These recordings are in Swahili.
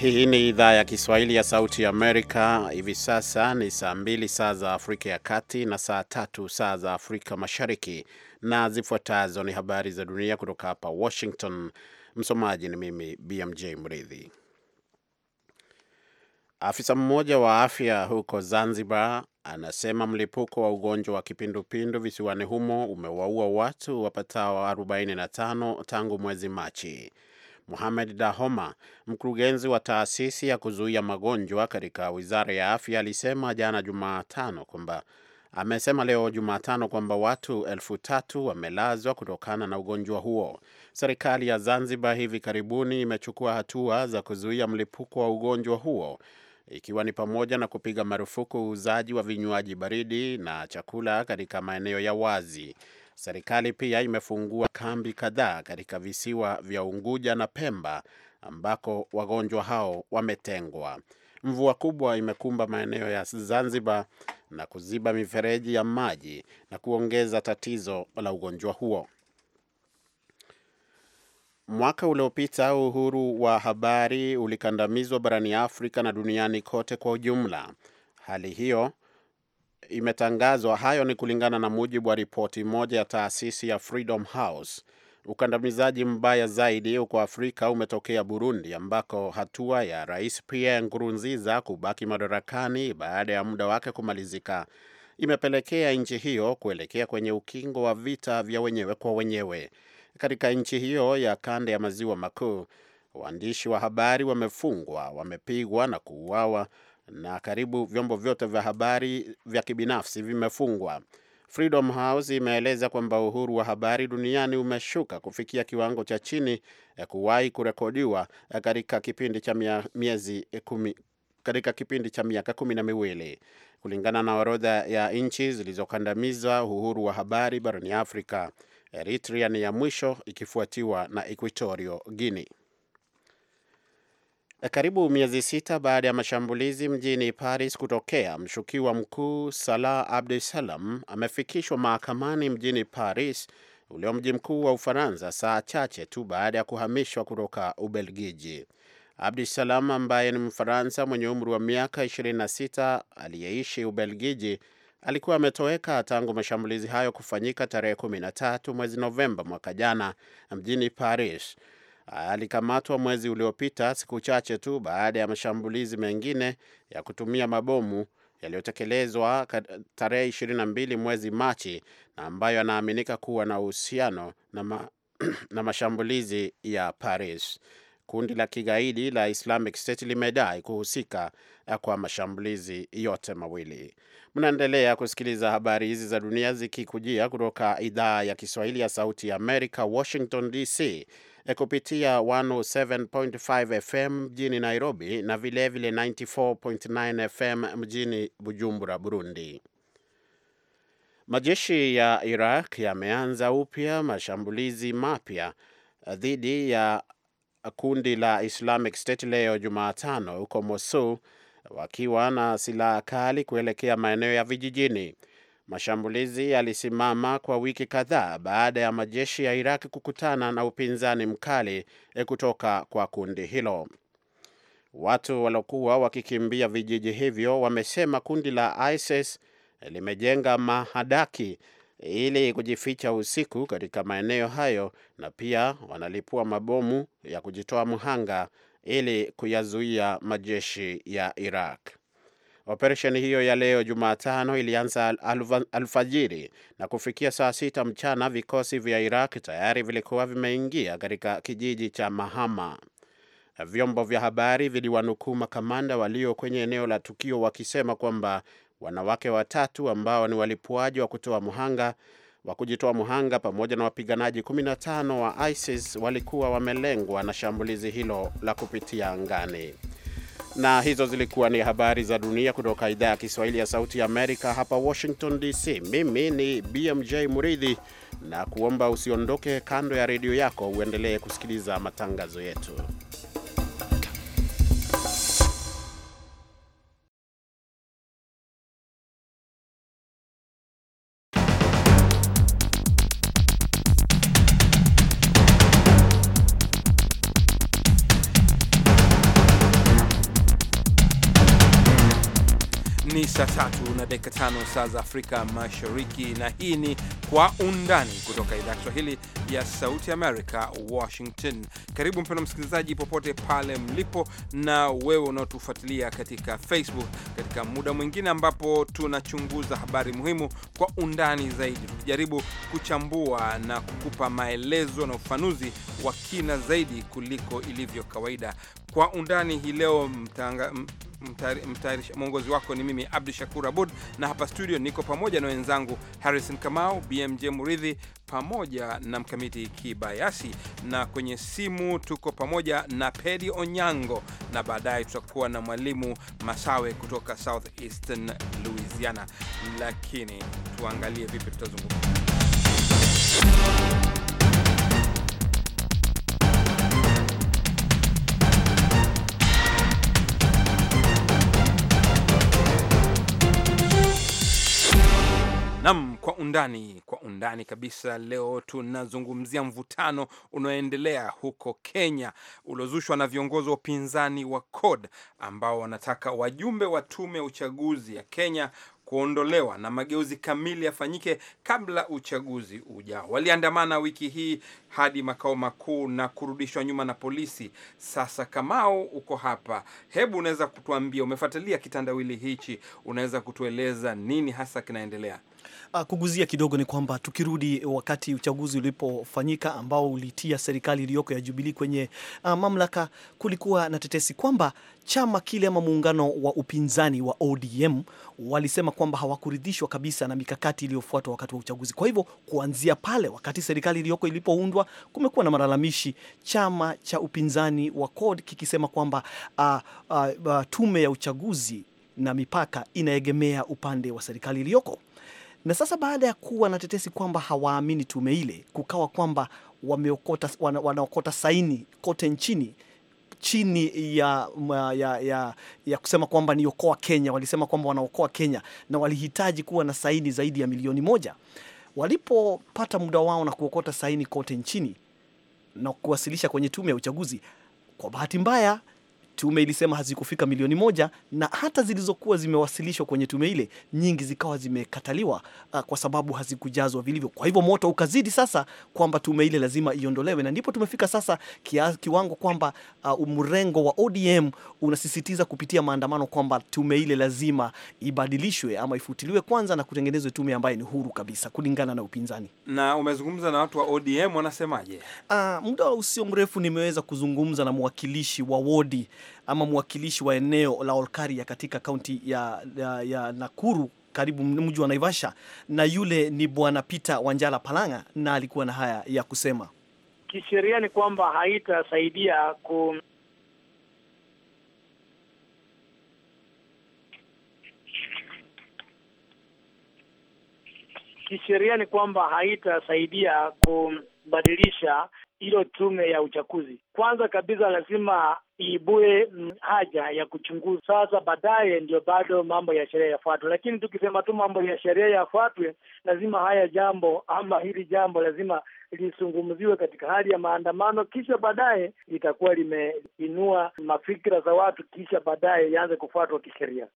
Hii ni idhaa ya Kiswahili ya Sauti Amerika. Hivi sasa ni saa mbili saa za Afrika ya Kati na saa tatu saa za Afrika Mashariki, na zifuatazo ni habari za dunia kutoka hapa Washington. Msomaji ni mimi BMJ Mridhi. Afisa mmoja wa afya huko Zanzibar anasema mlipuko wa ugonjwa wa kipindupindu visiwani humo umewaua watu wapatao 45 tangu mwezi Machi. Mohamed Dahoma, mkurugenzi wa taasisi ya kuzuia magonjwa katika Wizara ya Afya, alisema jana Jumatano kwamba amesema leo Jumatano kwamba watu elfu tatu wamelazwa kutokana na ugonjwa huo. Serikali ya Zanzibar hivi karibuni imechukua hatua za kuzuia mlipuko wa ugonjwa huo ikiwa ni pamoja na kupiga marufuku uuzaji wa vinywaji baridi na chakula katika maeneo ya wazi. Serikali pia imefungua kambi kadhaa katika visiwa vya Unguja na Pemba ambako wagonjwa hao wametengwa. Mvua kubwa imekumba maeneo ya Zanzibar na kuziba mifereji ya maji na kuongeza tatizo la ugonjwa huo. Mwaka uliopita uhuru wa habari ulikandamizwa barani Afrika na duniani kote kwa ujumla. Hali hiyo imetangazwa. Hayo ni kulingana na mujibu wa ripoti moja ya taasisi ya Freedom House. Ukandamizaji mbaya zaidi huko Afrika umetokea Burundi, ambako hatua ya Rais Pierre Nkurunziza kubaki madarakani baada ya muda wake kumalizika imepelekea nchi hiyo kuelekea kwenye ukingo wa vita vya wenyewe kwa wenyewe. Katika nchi hiyo ya kanda ya maziwa makuu, waandishi wa habari wamefungwa, wamepigwa na kuuawa na karibu vyombo vyote vya habari vya kibinafsi vimefungwa. Freedom House imeeleza kwamba uhuru wa habari duniani umeshuka kufikia kiwango cha chini eh, kuwahi kurekodiwa eh, katika kipindi cha miezi eh, kumi katika kipindi cha miaka kumi na miwili kulingana na orodha ya nchi zilizokandamiza uhuru wa habari barani Afrika. Eritrea ni ya mwisho ikifuatiwa na Equatorio Guinea. Karibu miezi sita baada ya mashambulizi mjini Paris kutokea, mshukiwa mkuu Salah Abdussalam amefikishwa mahakamani mjini Paris ulio mji mkuu wa Ufaransa, saa chache tu baada ya kuhamishwa kutoka Ubelgiji. Abdussalam ambaye ni Mfaransa mwenye umri wa miaka 26 aliyeishi Ubelgiji alikuwa ametoweka tangu mashambulizi hayo kufanyika tarehe 13 mwezi Novemba mwaka jana mjini Paris alikamatwa mwezi uliopita, siku chache tu baada ya mashambulizi mengine ya kutumia mabomu yaliyotekelezwa tarehe 22 mwezi Machi na ambayo anaaminika kuwa na uhusiano na, ma na mashambulizi ya Paris. Kundi la kigaidi la Islamic State limedai kuhusika eh, kwa mashambulizi yote mawili. Mnaendelea kusikiliza habari hizi za dunia zikikujia kutoka idhaa ya Kiswahili ya Sauti ya Amerika, Washington DC. Eh, kupitia 107.5 FM mjini Nairobi na vilevile 94.9 FM mjini Bujumbura, Burundi. Majeshi ya Iraq yameanza upya mashambulizi mapya eh, dhidi ya kundi la Islamic State leo Jumatano huko Mosul wakiwa na silaha kali kuelekea maeneo ya vijijini. Mashambulizi yalisimama kwa wiki kadhaa baada ya majeshi ya Iraq kukutana na upinzani mkali eh, kutoka kwa kundi hilo. Watu waliokuwa wakikimbia vijiji hivyo wamesema kundi la ISIS eh, limejenga mahadaki ili kujificha usiku katika maeneo hayo na pia wanalipua mabomu ya kujitoa mhanga ili kuyazuia majeshi ya Iraq. Operesheni hiyo ya leo Jumatano ilianza alfajiri na kufikia saa sita mchana, vikosi vya Iraq tayari vilikuwa vimeingia katika kijiji cha Mahama. Vyombo vya habari viliwanukuu makamanda walio kwenye eneo la tukio wakisema kwamba wanawake watatu ambao ni walipuaji wa kutoa mhanga wa kujitoa mhanga pamoja na wapiganaji 15 wa ISIS walikuwa wamelengwa na shambulizi hilo la kupitia angani. Na hizo zilikuwa ni habari za dunia kutoka idhaa ya Kiswahili ya Sauti ya Amerika hapa Washington DC. Mimi ni BMJ Muridhi na kuomba usiondoke kando ya redio yako, uendelee kusikiliza matangazo yetu. saa tatu na dakika tano saa za Afrika Mashariki, na hii ni Kwa Undani kutoka idhaa ya Kiswahili ya Sauti Amerika, Washington. Karibu mpendwa msikilizaji, popote pale mlipo, na wewe unaotufuatilia katika Facebook, katika muda mwingine ambapo tunachunguza habari muhimu kwa undani zaidi, tukijaribu kuchambua na kukupa maelezo na ufanuzi wa kina zaidi kuliko ilivyo kawaida. Kwa Undani hii leo Mwongozi wako ni mimi Abdu Shakur Abud, na hapa studio niko pamoja na wenzangu Harrison Kamau, BMJ Muridhi pamoja na Mkamiti Kibayasi, na kwenye simu tuko pamoja na Pedi Onyango, na baadaye tutakuwa na mwalimu Masawe kutoka Southeastern Louisiana. Lakini tuangalie vipi tutazungumza Nam kwa undani, kwa undani kabisa. Leo tunazungumzia mvutano unaoendelea huko Kenya uliozushwa na viongozi wa upinzani wa CORD ambao wanataka wajumbe wa tume ya uchaguzi ya Kenya kuondolewa na mageuzi kamili yafanyike kabla uchaguzi ujao. Waliandamana wiki hii hadi makao makuu na kurudishwa nyuma na polisi. Sasa Kamau, uko hapa, hebu unaweza kutuambia, umefuatilia kitandawili hichi, unaweza kutueleza nini hasa kinaendelea? Ah, kuguzia kidogo ni kwamba tukirudi wakati uchaguzi ulipofanyika ambao ulitia serikali iliyoko ya Jubilee kwenye uh, mamlaka, kulikuwa na tetesi kwamba chama kile ama muungano wa upinzani wa ODM walisema kwamba hawakuridhishwa kabisa na mikakati iliyofuatwa wakati wa uchaguzi. Kwa hivyo kuanzia pale, wakati serikali iliyoko ilipoundwa, kumekuwa na malalamishi, chama cha upinzani wa CORD kikisema kwamba uh, uh, uh, tume ya uchaguzi na mipaka inaegemea upande wa serikali iliyoko. Na sasa baada ya kuwa na tetesi kwamba hawaamini tume ile, kukawa kwamba wameokota wana, wanaokota saini kote nchini chini ya, ya, ya, ya kusema kwamba ni okoa Kenya. Walisema kwamba wanaokoa Kenya na walihitaji kuwa na saini zaidi ya milioni moja. Walipopata muda wao na kuokota saini kote nchini na kuwasilisha kwenye tume ya uchaguzi, kwa bahati mbaya tume ilisema hazikufika milioni moja, na hata zilizokuwa zimewasilishwa kwenye tume ile nyingi zikawa zimekataliwa uh, kwa sababu hazikujazwa vilivyo. Kwa hivyo moto ukazidi sasa kwamba tume ile lazima iondolewe, na ndipo tumefika sasa kia, kiwango kwamba uh, mrengo wa ODM unasisitiza kupitia maandamano kwamba tume ile lazima ibadilishwe ama ifutiliwe kwanza na kutengenezwe tume ambayo ni huru kabisa kulingana na upinzani. Na umezungumza na watu wa ODM wanasemaje? Uh, muda usio mrefu nimeweza kuzungumza na mwakilishi wa wodi ama mwakilishi wa eneo la Olkaria katika kaunti ya, ya, ya Nakuru karibu mji wa Naivasha, na yule ni bwana Peter Wanjala Palanga, na alikuwa na haya ya kusema. Kisheria ni kwamba haitasaidia ku kisheria ni kwamba haitasaidia kubadilisha hilo tume ya uchaguzi. Kwanza kabisa lazima iibue mm, haja ya kuchunguza. Sasa baadaye ndio bado mambo ya sheria yafuatwe, lakini tukisema tu mambo ya sheria yafuatwe, lazima haya jambo ama hili jambo lazima lisungumziwe katika hali ya maandamano, kisha baadaye litakuwa limeinua mafikira za watu, kisha baadaye ianze kufuatwa kisheria.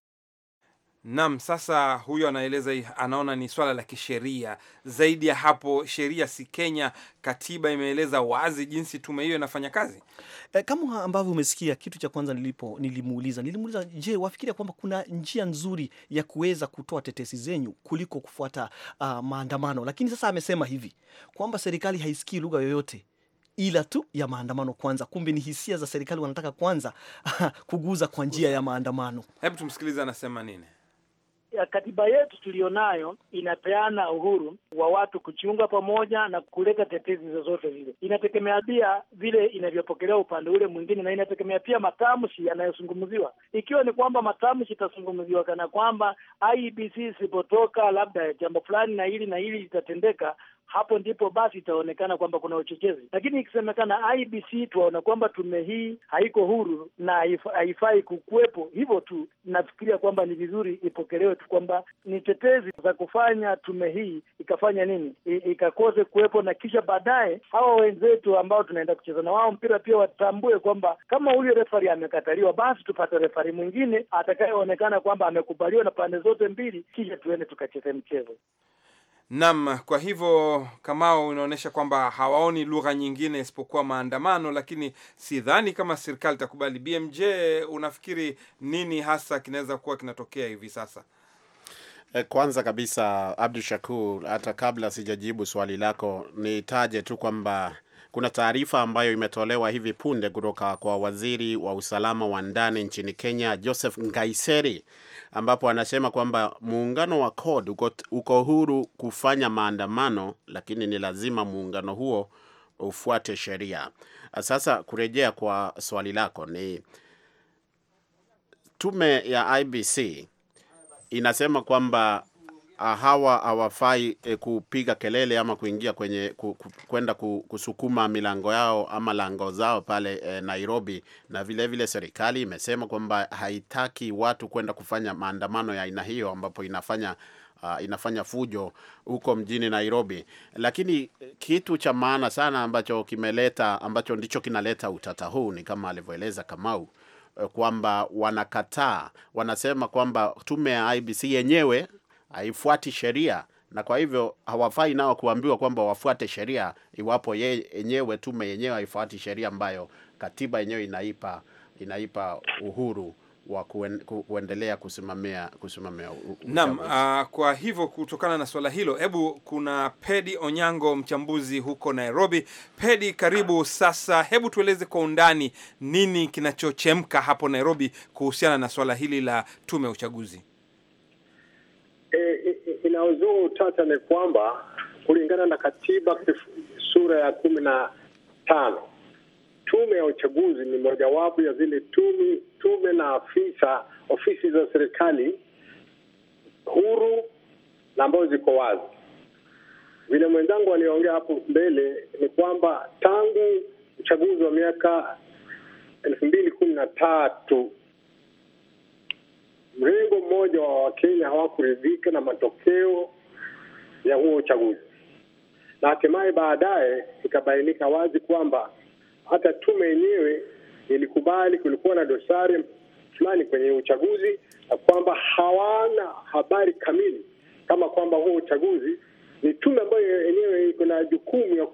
Naam, sasa huyo anaeleza, anaona ni swala la kisheria zaidi ya hapo. Sheria si Kenya, katiba imeeleza wazi jinsi tume hiyo inafanya kazi. E, kama ambavyo umesikia, kitu cha kwanza nilipo nilimuuliza nilimuuliza, je, wafikiria kwamba kuna njia nzuri ya kuweza kutoa tetesi zenyu kuliko kufuata uh, maandamano? Lakini sasa amesema hivi kwamba serikali haisikii lugha yoyote ila tu ya maandamano kwanza. Kumbe ni hisia za serikali wanataka kwanza kuguza kwa njia ya maandamano. Hebu tumsikilize anasema nini. Katiba yetu tuliyonayo inapeana uhuru wa watu kujiunga pamoja na kuleta tetezi zozote zile. Inategemea pia vile inavyopokelewa upande ule mwingine, na inategemea pia matamshi yanayozungumziwa. Ikiwa ni kwamba matamshi itazungumziwa kana kwamba IBC isipotoka labda jambo fulani na hili na hili litatendeka, hapo ndipo basi itaonekana kwamba kuna uchochezi. Lakini ikisemekana IBC, tuwaona kwamba tume hii haiko huru na haifai kukuwepo hivyo tu, nafikiria kwamba ni vizuri ipokelewe tu kwamba ni tetezi za kufanya tume hii ikafanya nini, ikakose kuwepo, na kisha baadaye hawa wenzetu ambao tunaenda kucheza na wao mpira pia watambue kwamba kama huyo refari amekataliwa, basi tupate refari mwingine atakayeonekana kwamba amekubaliwa na pande zote mbili, kisha tuende tukacheze mchezo. Naam, kwa hivyo Kamao, inaonyesha kwamba hawaoni lugha nyingine isipokuwa maandamano, lakini sidhani kama serikali itakubali. BMJ, unafikiri nini hasa kinaweza kuwa kinatokea hivi sasa? E, kwanza kabisa, Abdu Shakur, hata kabla sijajibu swali lako, nitaje tu kwamba kuna taarifa ambayo imetolewa hivi punde kutoka kwa waziri wa usalama wa ndani nchini Kenya, Joseph Ngaiseri ambapo anasema kwamba muungano wa CORD uko, uko huru kufanya maandamano, lakini ni lazima muungano huo ufuate sheria. Sasa kurejea kwa swali lako, ni tume ya IBC inasema kwamba Ah, hawa hawafai e, kupiga kelele ama kuingia kwenye kwenda ku, kusukuma milango yao ama lango zao pale e, Nairobi. Na vilevile vile serikali imesema kwamba haitaki watu kwenda kufanya maandamano ya aina hiyo ambapo inafanya Uh, inafanya fujo huko mjini Nairobi, lakini eh, kitu cha maana sana ambacho kimeleta ambacho ndicho kinaleta utata huu ni kama alivyoeleza Kamau kwamba wanakataa, wanasema kwamba tume ya IBC yenyewe haifuati sheria, na kwa hivyo hawafai nao kuambiwa kwamba wafuate sheria iwapo yenyewe tume yenyewe haifuati sheria ambayo katiba yenyewe inaipa inaipa uhuru wa kuendelea kusimamia kusimamia. Naam, uh, kwa hivyo kutokana na swala hilo, hebu kuna Pedi Onyango, mchambuzi huko Nairobi. Pedi, karibu sasa. Hebu tueleze kwa undani nini kinachochemka hapo Nairobi kuhusiana na swala hili la tume ya uchaguzi e, e, e inaozua utata ni kwamba kulingana na katiba sura ya kumi na tano tume ya uchaguzi ni mojawapo ya zile tume, tume na afisa ofisi za serikali huru na ambazo ziko wazi. Vile mwenzangu aliongea hapo mbele, ni kwamba tangu uchaguzi wa miaka elfu mbili kumi na tatu mrengo mmoja wa Wakenya hawakuridhika na matokeo ya huo uchaguzi, na hatimaye baadaye ikabainika wazi kwamba hata tume yenyewe ilikubali kulikuwa na dosari fulani kwenye uchaguzi na kwamba hawana habari kamili kama kwamba huo uchaguzi ni tume ambayo yenyewe iko na jukumu ya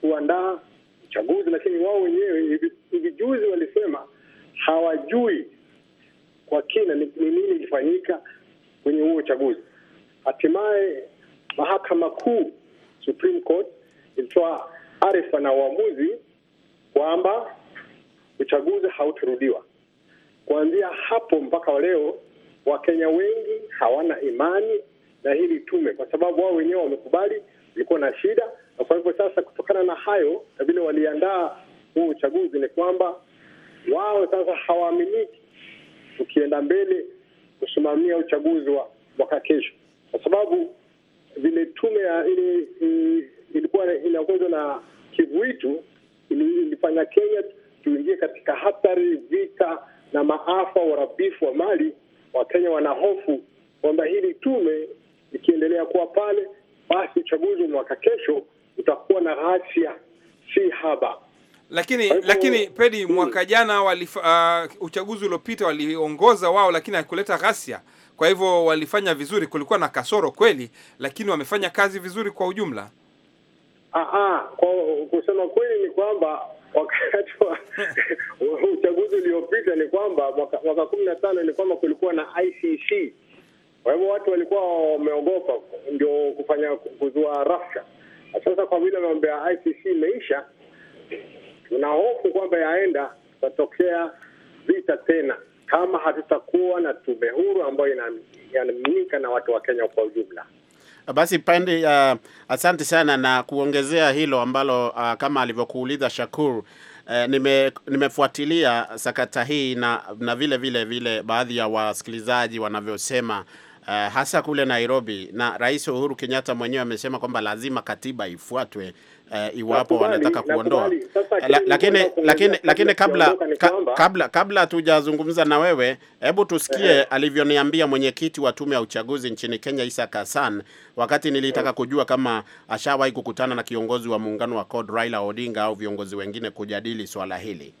kuandaa uchaguzi, lakini wao wenyewe hivi juzi walisema hawajui kwa kina ni nini ilifanyika kwenye huo uchaguzi. Hatimaye mahakama kuu Supreme Court ilitoa arifa na uamuzi kwamba uchaguzi hautarudiwa. Kuanzia hapo mpaka leo, Wakenya wengi hawana imani na hili tume, kwa sababu wao wenyewe wamekubali ilikuwa na shida. Na kwa hivyo sasa, kutokana na hayo na vile waliandaa huu uchaguzi, ni kwamba wao sasa hawaaminiki tukienda mbele kusimamia uchaguzi wa mwaka kesho, kwa sababu vile tume ya ile ilikuwa inaongozwa na Kivuitu ilifanya Kenya tuingie katika hatari, vita na maafa, uharibifu wa mali. Wakenya wanahofu kwamba hili tume ikiendelea kuwa pale, basi uchaguzi wa mwaka kesho utakuwa na ghasia si haba lakini Aibu. Lakini Pedi, hmm. mwaka jana walif, uh, uchaguzi uliopita waliongoza wao, lakini hakuleta ghasia, kwa hivyo walifanya vizuri. Kulikuwa na kasoro kweli, lakini wamefanya kazi vizuri kwa ujumla. Aha, kwa kusema kweli ni kwamba wakati wa uchaguzi uliopita ni kwamba mwaka kumi na tano ni kwamba kulikuwa na ICC, kwa hivyo watu walikuwa wameogopa ndio kufanya kuzua rafsha. Sasa kwa vile mambo ya ICC imeisha tuna hofu kwamba yaenda tutatokea vita tena kama hatutakuwa na tume huru ambayo inaaminika na watu wa Kenya kwa ujumla. Basi pande uh, asante sana na kuongezea hilo ambalo uh, kama alivyokuuliza Shakur uh, nime, nimefuatilia sakata hii na, na vile vile vile baadhi ya wasikilizaji wanavyosema uh, hasa kule Nairobi, na Rais Uhuru Kenyatta mwenyewe amesema kwamba lazima katiba ifuatwe uh, iwapo wanataka kuondoa eh, la, lakini lakini lakini kabla kabla kabla hatujazungumza na wewe, hebu tusikie uh-huh. alivyoniambia mwenyekiti wa tume ya uchaguzi nchini Kenya Isaac Hassan wakati nilitaka kujua kama ashawahi kukutana na kiongozi wa muungano wa CORD Raila Odinga au viongozi wengine kujadili swala hili.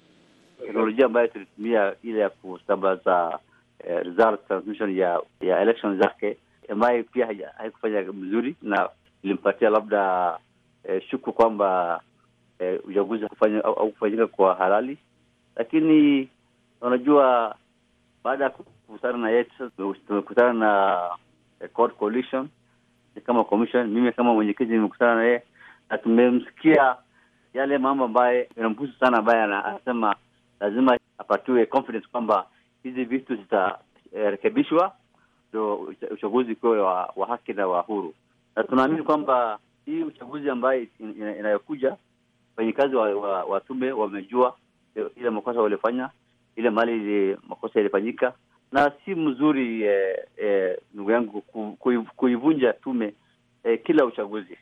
Teknolojia ambayo tulitumia ile ya kusambaza eh, result transmission ya ya election zake ambayo pia haikufanya mzuri na ilimpatia labda e, shuku kwamba e, uchaguzi haukufanyika kwa halali, lakini unajua baada ya kukutana na yetu tumekutana na eh, Court Coalition kama commission, mimi kama mwenyekiti nimekutana na yeye na tumemsikia yale mambo ambaye yanamhusu sana, ambaye anasema lazima apatiwe confidence kwamba hizi vitu zitarekebishwa, eh, ndo uchaguzi kuwe wa, wa haki na wa huru, na tunaamini kwamba hii uchaguzi ambaye inayokuja, wafanyikazi wa, wa, wa tume wamejua e, ile makosa walifanya, ile mali ile makosa ilifanyika, na si mzuri eh, eh, ndugu yangu kuivunja tume eh, kila uchaguzi.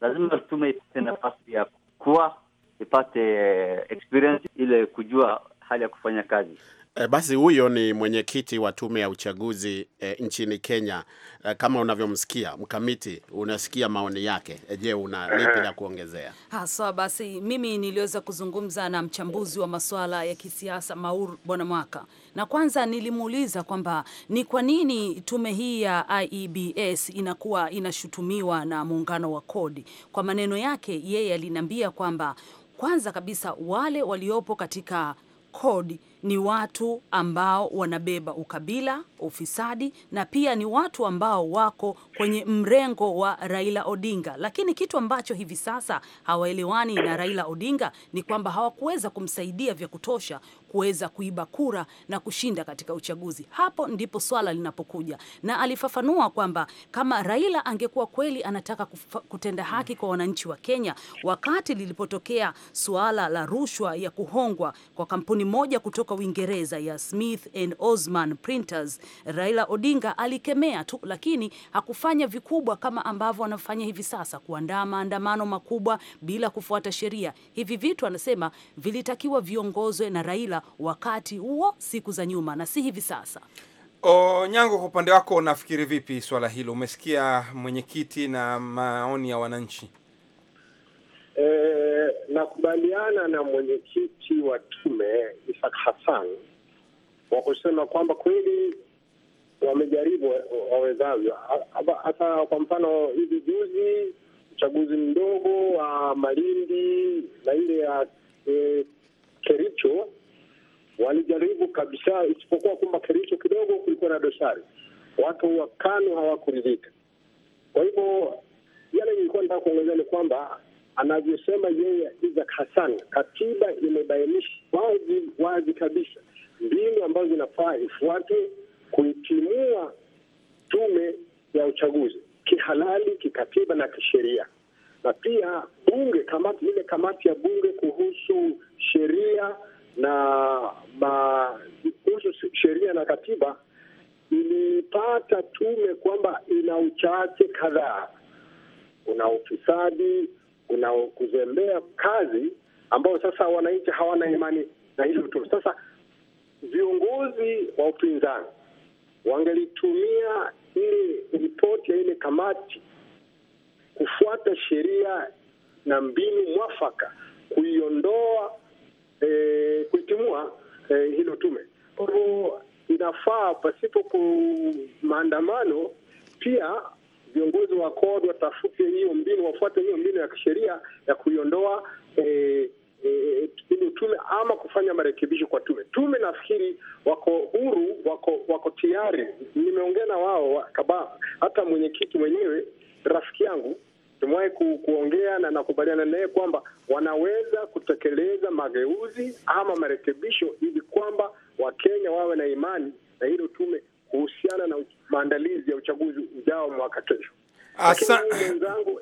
Lazima tume ipate nafasi ya kuwa ipate eh, experience ile kujua hali ya kufanya kazi. E, basi huyo ni mwenyekiti wa tume ya uchaguzi e, nchini Kenya. E, kama unavyomsikia mkamiti, unasikia maoni yake. Je, una lipi la kuongezea haswa? So, basi mimi niliweza kuzungumza na mchambuzi wa masuala ya kisiasa Maur Bwana Mwaka, na kwanza nilimuuliza kwamba ni kwa nini tume hii ya IEBS inakuwa inashutumiwa na muungano wa kodi. Kwa maneno yake yeye aliniambia kwamba kwanza kabisa wale waliopo katika kodi ni watu ambao wanabeba ukabila, ufisadi na pia ni watu ambao wako kwenye mrengo wa Raila Odinga. Lakini kitu ambacho hivi sasa hawaelewani na Raila Odinga ni kwamba hawakuweza kumsaidia vya kutosha kuweza kuiba kura na kushinda katika uchaguzi. Hapo ndipo swala linapokuja, na alifafanua kwamba kama Raila angekuwa kweli anataka kufa, kutenda haki kwa wananchi wa Kenya, wakati lilipotokea suala la rushwa ya kuhongwa kwa kampuni moja kutoka kutoka Uingereza ya Smith and Osman Printers, Raila Odinga alikemea tu, lakini hakufanya vikubwa kama ambavyo wanafanya hivi sasa, kuandaa maandamano makubwa bila kufuata sheria. Hivi vitu anasema vilitakiwa viongozwe na Raila wakati huo, siku za nyuma, na si hivi sasa. Onyango, kwa upande wako unafikiri vipi swala hilo? Umesikia mwenyekiti na maoni ya wananchi? E, nakubaliana na mwenyekiti wa tume Isak Hassan wa kusema kwamba kweli wamejaribu wawezavyo. Hata kwa mfano hivi juzi uchaguzi mdogo wa Malindi na ile ya e, Kericho walijaribu kabisa, isipokuwa kwamba Kericho kidogo kulikuwa na dosari, watu wa KANU hawakuridhika. Kwa hivyo yale nilikuwa nataka kuongezea ni kwamba anavyosema yeye Isaac Hassan, katiba imebainisha wazi wazi kabisa mbinu ambazo zinafaa ifuate kuitimua tume ya uchaguzi kihalali, kikatiba na kisheria, na pia bunge, kamati ile kamati ya bunge kuhusu sheria na ma, kuhusu sheria na katiba ilipata tume kwamba ina uchache kadhaa, una ufisadi kuna kuzembea kazi ambao sasa wananchi hawana imani na hilo tu. Sasa viongozi wa upinzani wangelitumia ile ripoti ya ile kamati kufuata sheria na mbinu mwafaka kuiondoa e, kuitimua e, hilo tume. Kwa hivyo inafaa pasipo ku maandamano pia viongozi wa CORD watafute hiyo mbinu, wafuate hiyo mbinu ya kisheria ya kuiondoa hilo E, e, e tume ama kufanya marekebisho kwa tume. Tume nafikiri wako huru, wako wako tayari. Nimeongea na wao kabla, hata mwenyekiti mwenyewe rafiki yangu tumewahi ku, kuongea na nakubaliana naye kwamba wanaweza kutekeleza mageuzi ama marekebisho ili kwamba Wakenya wawe na imani na hilo tume kuhusiana na maandalizi ya uchaguzi ujao mwaka kesho. Asa...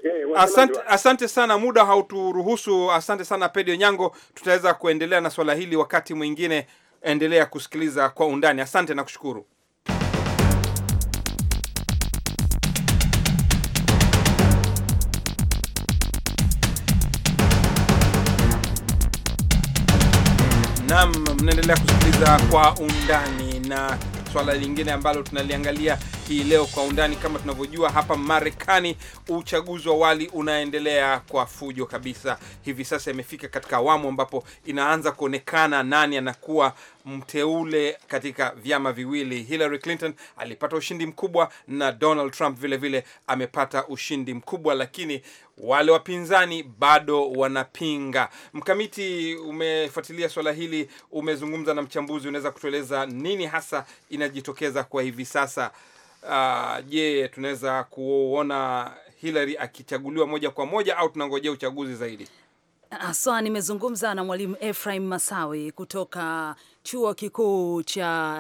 eh, asante, asante sana, muda hauturuhusu. Asante sana Pedio Nyango, tutaweza kuendelea na swala hili wakati mwingine. Endelea kusikiliza kwa undani. Asante na kushukuru. Naam, mnaendelea kusikiliza kwa undani na swala lingine ambalo tunaliangalia hii leo kwa undani. Kama tunavyojua hapa Marekani, uchaguzi wa awali unaendelea kwa fujo kabisa. Hivi sasa imefika katika awamu ambapo inaanza kuonekana nani anakuwa mteule katika vyama viwili. Hillary Clinton alipata ushindi mkubwa na Donald Trump vile vile amepata ushindi mkubwa, lakini wale wapinzani bado wanapinga. Mkamiti, umefuatilia swala hili, umezungumza na mchambuzi, unaweza kutueleza nini hasa inajitokeza kwa hivi sasa? Ah, je, uh, tunaweza kuona Hillary akichaguliwa moja kwa moja au tunangojea uchaguzi zaidi? Haswa nimezungumza na Mwalimu Ephraim Masawi kutoka Chuo Kikuu cha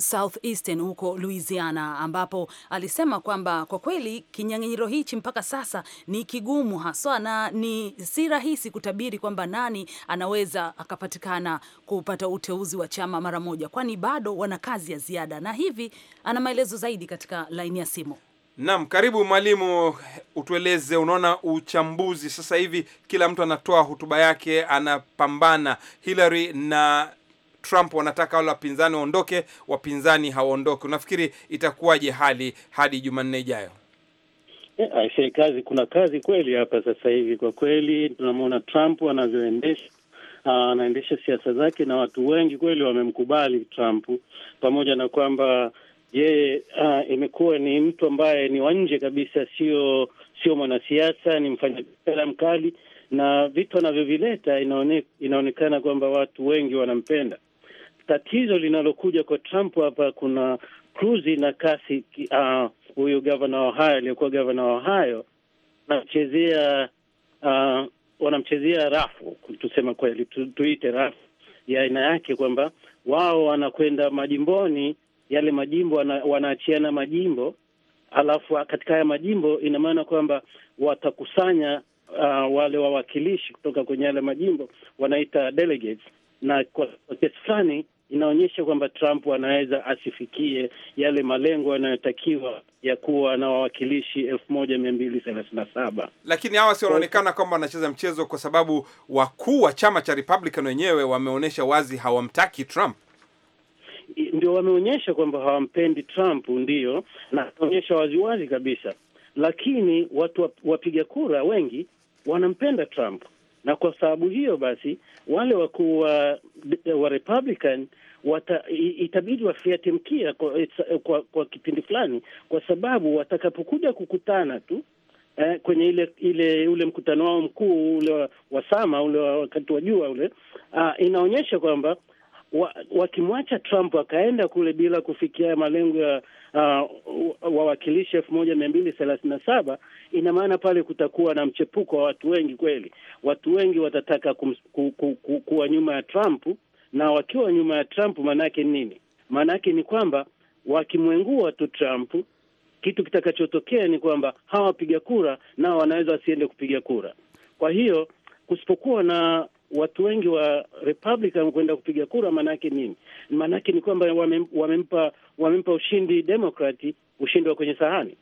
Southeastern huko Louisiana, ambapo alisema kwamba kwa kweli kinyang'anyiro hichi mpaka sasa ni kigumu haswa, na ni si rahisi kutabiri kwamba nani anaweza akapatikana kupata uteuzi wa chama mara moja, kwani bado wana kazi ya ziada. Na hivi ana maelezo zaidi katika laini ya simu. Naam, karibu mwalimu, utueleze. Unaona uchambuzi sasa hivi, kila mtu anatoa hotuba yake, anapambana Hillary na Trump wanataka wale wapinzani waondoke, wapinzani hawaondoke. Unafikiri itakuwaje hali hadi Jumanne ijayo? Eh, Aisee, kazi kuna kazi kweli hapa sasa hivi. Kwa kweli tunamwona Trump anavyoendesha ah, anaendesha siasa zake, na watu wengi kweli wamemkubali Trump, pamoja na kwamba yeye ah, imekuwa ni mtu ambaye ni wa nje kabisa, sio sio mwanasiasa, ni mfanyabiashara mkali, na vitu anavyovileta inaone, inaonekana kwamba watu wengi wanampenda tatizo linalokuja kwa Trump hapa, kuna Cruz na kasi ah, huyu uh, gavana wa Ohio aliyekuwa gavana wa Ohio anamchezea uh, wanamchezea rafu, tusema kweli tu, tuite rafu ya aina yake, kwamba wao wanakwenda majimboni yale majimbo wana, wanaachiana majimbo alafu katika haya majimbo ina maana kwamba watakusanya uh, wale wawakilishi kutoka kwenye yale majimbo wanaita delegates, na kwa kesi fulani inaonyesha kwamba Trump anaweza asifikie yale malengo yanayotakiwa ya kuwa na wawakilishi elfu moja mia mbili thelathini na saba, lakini hawa si wanaonekana kwamba wanacheza mchezo, kwa sababu wakuu wa chama cha Republican wenyewe wameonyesha wazi hawamtaki Trump ndio wameonyesha kwamba hawampendi Trump, ndiyo, na wanaonyesha waziwazi kabisa, lakini watu wapiga kura wengi wanampenda Trump na kwa sababu hiyo basi wale wakuu wa, wa Republican wata, itabidi wafiate mkia kwa, kwa, kwa kipindi fulani, kwa sababu watakapokuja kukutana tu eh, kwenye ile ile ule mkutano wao mkuu ule wa, sama ule wa wakati wa jua ule, ah, inaonyesha kwamba wakimwacha Trump akaenda kule bila kufikia malengo ya uh, wawakilishi elfu moja mia mbili thelathini na saba ina maana pale kutakuwa na mchepuko wa watu wengi kweli. Watu wengi watataka kum, ku, ku, ku, kuwa nyuma ya Trump, na wakiwa nyuma ya Trump maanake nini? Maanake ni kwamba wakimwengua tu Trump, kitu kitakachotokea ni kwamba hawapiga kura nao wanaweza wasiende kupiga kura. Kwa hiyo kusipokuwa na watu wengi wa Republican kwenda kupiga kura, maanake nini? Maanake ni kwamba wamempa wamempa ushindi Demokrati, ushindi wa kwenye sahani.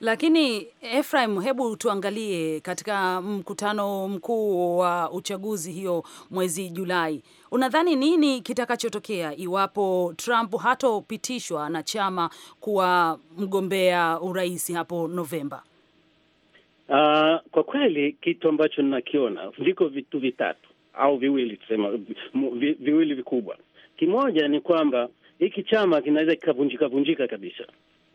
Lakini Ephraim, hebu tuangalie katika mkutano mkuu wa uchaguzi hiyo mwezi Julai, unadhani nini kitakachotokea iwapo Trump hatopitishwa na chama kuwa mgombea urais hapo Novemba? Uh, kwa kweli kitu ambacho ninakiona viko vitu vitatu au viwili tusema viwili vikubwa. Kimoja ni kwamba hiki chama kinaweza kikavunjika vunjika kabisa.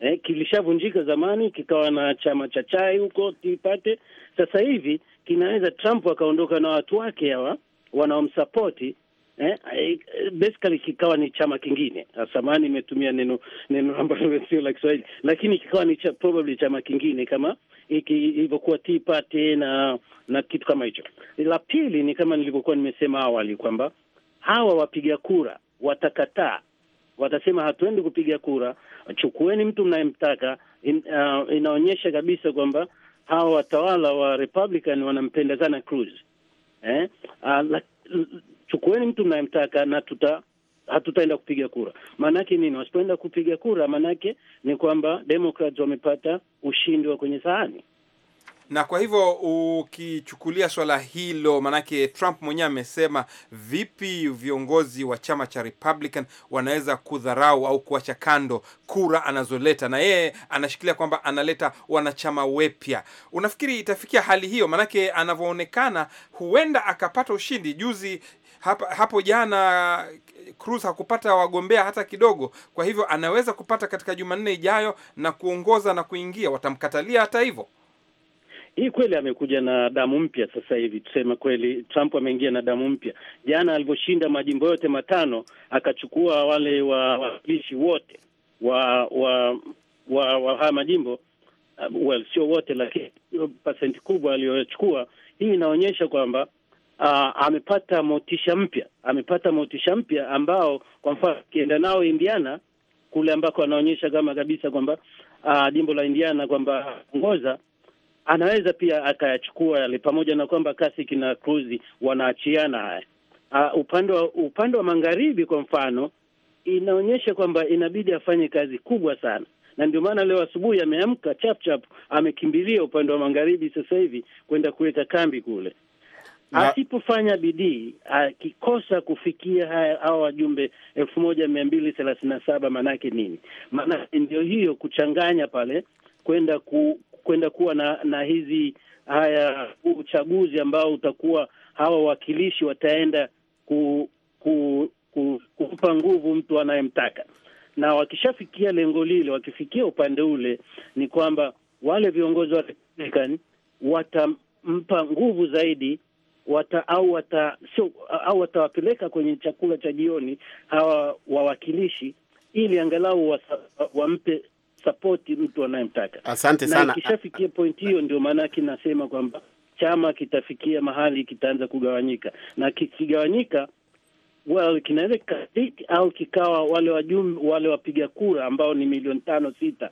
Eh, kilishavunjika zamani kikawa na chama cha chai huko tipate. Sasa hivi kinaweza Trump akaondoka na watu wake hawa wanaomsapoti Eh, eh, basically kikawa ni chama kingine. Samahani, imetumia neno neno ambalo sio la Kiswahili, lakini kikawa ni cha, probably chama kingine kama ilivyokuwa Tea Party na na kitu kama hicho. La pili ni kama nilivyokuwa nimesema awali kwamba hawa wapiga kura watakataa, watasema hatuendi kupiga kura, chukueni mtu mnayemtaka. In, uh, inaonyesha kabisa kwamba hawa watawala wa Republican wanampenda sana Cruz eh? Uh, la, chukueni mtu mnayemtaka na tuta hatutaenda kupiga kura. Maanake nini? Wasipoenda kupiga kura, maanake ni kwamba Democrats wamepata ushindi wa kwenye sahani na kwa hivyo ukichukulia swala hilo, maanake Trump mwenyewe amesema vipi viongozi wa chama cha Republican wanaweza kudharau au kuacha kando kura anazoleta, na yeye anashikilia kwamba analeta wanachama wepya. Unafikiri itafikia hali hiyo? Maanake anavyoonekana, huenda akapata ushindi. Juzi hapa, hapo jana Cruz hakupata wagombea hata kidogo. Kwa hivyo anaweza kupata katika Jumanne ijayo na kuongoza na kuingia, watamkatalia hata hivyo. Hii kweli amekuja na damu mpya sasa hivi, tuseme kweli, Trump ameingia na damu mpya. Jana alivyoshinda majimbo yote matano, akachukua wale wawakilishi wote wa wa wa, wa haya majimbo uh, well, sio wote, lakini pasenti kubwa aliyochukua. Hii inaonyesha kwamba uh, amepata motisha mpya, amepata motisha mpya ambao kwa mfano akienda nao Indiana kule ambako anaonyesha kama kabisa kwamba uh, jimbo la Indiana kwamba ongoza anaweza pia akayachukua yale, pamoja na kwamba Kasich na Cruz wanaachiana haya. Uh, upande wa upande wa magharibi kwa mfano inaonyesha kwamba inabidi afanye kazi kubwa sana, na ndio maana leo asubuhi ameamka chap chap, amekimbilia upande wa magharibi sasa hivi kwenda kuweka kambi kule asipofanya bidii akikosa kufikia haya hawa wajumbe elfu moja mia mbili thelathini na saba maanake nini? Maanake ndio hiyo kuchanganya pale kwenda ku, kwenda kuwa na, na hizi haya uchaguzi ambao utakuwa hawa wawakilishi wataenda ku, ku, kumpa nguvu mtu anayemtaka, na wakishafikia lengo lile, wakifikia upande ule, ni kwamba wale viongozi wa Republican watampa nguvu zaidi wata, au wata, sio au watawapeleka kwenye chakula cha jioni hawa wawakilishi, ili angalau wampe sapoti mtu anayemtaka. Asante sana. Na ikishafikia pointi hiyo, ndio maana yake nasema kwamba chama kitafikia mahali kitaanza kugawanyika, na kikigawanyika well, kinaweza kikaiti au kikawa wale wajumbe wale wapiga kura ambao ni milioni tano sita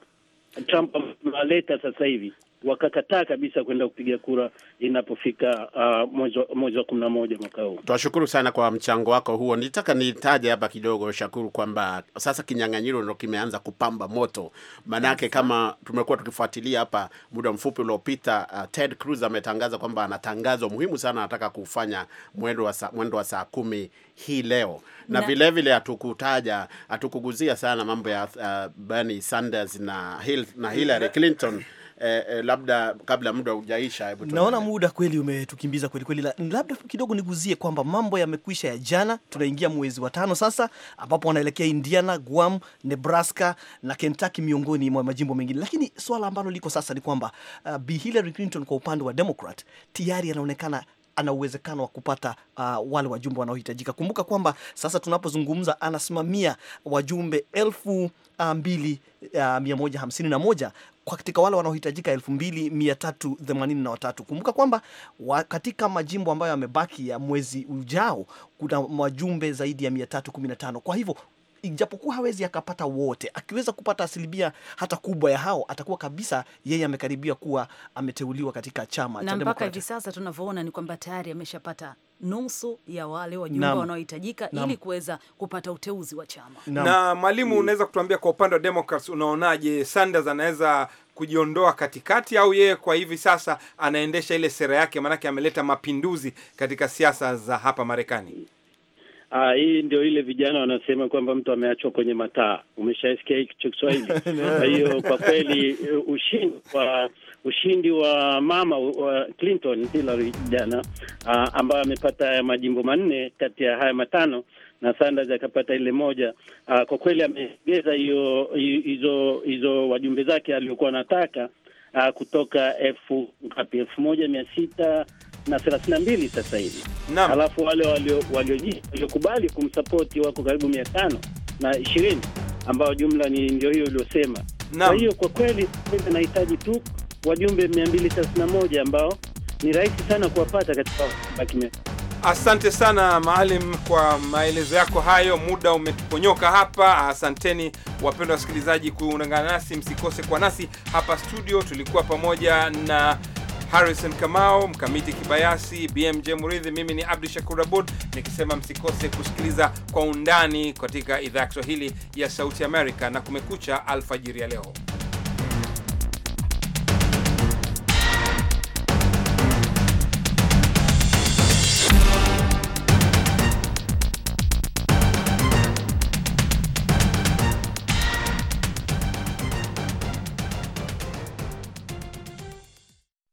Trump amewaleta sasa hivi wakakataa kabisa kwenda kupiga kura inapofika uh, mwezi wa kumi na moja mwaka huu. Twashukuru sana kwa mchango wako huo. nitaka nitaje hapa kidogo, Shakuru, kwamba sasa kinyang'anyiro ndo kimeanza kupamba moto, maanake kama tumekuwa tukifuatilia hapa muda mfupi uliopita, uh, Ted Cruz ametangaza kwamba ana muhimu sana anataka kufanya mwendo wa saa, mwendo wa saa kumi hii leo na vilevile hatukutaja hatukuguzia sana mambo ya uh, Bernie Sanders na Hill, na Hillary Clinton eh, eh, labda kabla muda hujaisha, hebu naona muda kweli umetukimbiza kweli kweli, labda kidogo niguzie kwamba mambo yamekwisha ya jana. Tunaingia mwezi wa tano sasa, ambapo wanaelekea Indiana, Guam, Nebraska na Kentucky, miongoni mwa majimbo mengine. Lakini swala ambalo liko sasa ni kwamba uh, Bi Hillary Clinton kwa upande wa Democrat tayari anaonekana ana uwezekano wa kupata uh, wale wajumbe wanaohitajika. Kumbuka kwamba sasa tunapozungumza anasimamia wajumbe elfu mbili ah, mia moja hamsini na moja katika wale wanaohitajika elfu mbili mia tatu themanini na watatu. Kumbuka kwamba wa, katika majimbo ambayo yamebaki ya mwezi ujao kuna wajumbe zaidi ya mia tatu kumi na tano. Kwa hivyo ijapokuwa hawezi akapata wote, akiweza kupata asilimia hata kubwa ya hao, atakuwa kabisa yeye amekaribia kuwa ameteuliwa katika chama cha mpaka Hivi sasa tunavyoona ni kwamba tayari ameshapata nusu ya wale wajumbe wanaohitajika ili kuweza kupata uteuzi wa chama. Naam. Na mwalimu, mm, unaweza kutuambia kwa upande wa Democrats, unaonaje Sanders anaweza kujiondoa katikati au yeye kwa hivi sasa anaendesha ile sera yake, maanake ameleta mapinduzi katika siasa za hapa Marekani? Uh, hii ndio ile vijana wanasema kwamba mtu ameachwa kwenye mataa. hiki cha Kiswahili? Kwa hiyo kwa kweli ushindi wa ushindi wa mama wa Clinton Hillary jana, ah, ambayo amepata haya majimbo manne kati ya haya matano na Sanders akapata ile moja. Aa, ah, kwa kweli ameongeza hiyo hizo hizo wajumbe zake aliokuwa anataka kutoka elfu ngapi elfu moja mia sita na thelathini na mbili sasa hivi, alafu wale waliokubali walio kumsapoti wako karibu mia tano na ishirini ambao jumla ni ndio hiyo uliosema. Kwa hiyo kwa kweli nahitaji tu wajumbe mia mbili thelathini na moja ambao ni rahisi sana kuwapata katika baki. Asante sana Maalim kwa maelezo yako hayo. Muda umetuponyoka hapa. Asanteni wapendwa wasikilizaji kuungana nasi, msikose kwa nasi hapa studio. Tulikuwa pamoja na Harrison Kamau, Mkamiti Kibayasi, BMJ Muridhi, mimi ni Abdu Shakur Abud nikisema msikose kusikiliza kwa undani katika idhaa ya Kiswahili ya Sauti Amerika na Kumekucha alfajiri ya leo.